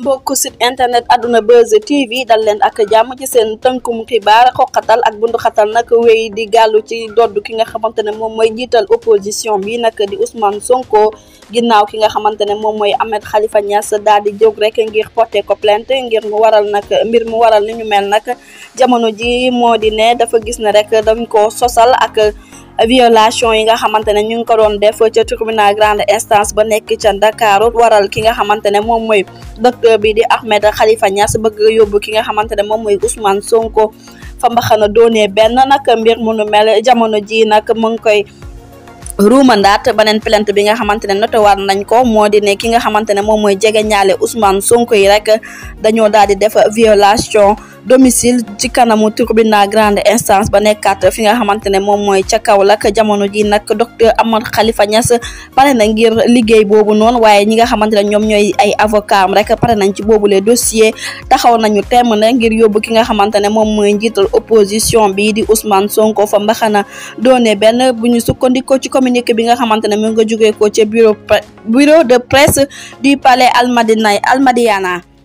mbokk site internet Adouna Buzz TV dal leen ak jàmm ci seen tënkum xibaar xoqatal ak bunduxatal nag wéy di gàllu ci dodd ki nga xamante ne moom mooy jiital opposition bi nag di Ousmane Sonko ginnaaw ki nga xamante ne moom mooy Ahmed Khalifa Niass daal di jóg rek ngir porté ko ngir mu waral nag mbir mu waral ni ñu mel nag jamono ji moo di ne dafa gis ne rekk dañ ko sosal ak violation yi nga xamante ne ñu ngi ko doon def ca tribunal grande instance ba nekk ca Ndakaaru waral ki nga xamante ne moom mooy docteur bi di Ahmed Khalifa Niass bëgg yóbbu ki nga xamante ne moom mooy Ousmane Sonko fa mbaxana doonee benn nag mbir mu nu mel jamono ji nag mu ngi koy ruumandaat beneen plainte bi nga xamante ne notewaat nañ ko moo di ne ki nga xamante ne moom mooy jege ñaale Ousmane Sonko yi rek dañoo daal di defa violation domicile ci kanamu tribunal grande instance ba nekkaat fi nga xamante ne moom mooy ca Kaolack jamono ji nag docteur Amadou Khalifa ñas pare na ngir liggéey boobu noonu waaye ñi nga xamante ne ñoom ñooy ay avocat am rek pare nañ ci lee dossier taxaw nañu temm na ngir yóbbu ki nga xamante ne moom mooy njiital opposition bi di Ousmane Sonko fa mbaxana doone benn bu ñu sukkandikoo ci communiqué bi nga xamante ne mu nga jógee ko ca bureau bureau de presse du palais Almadina Almadiana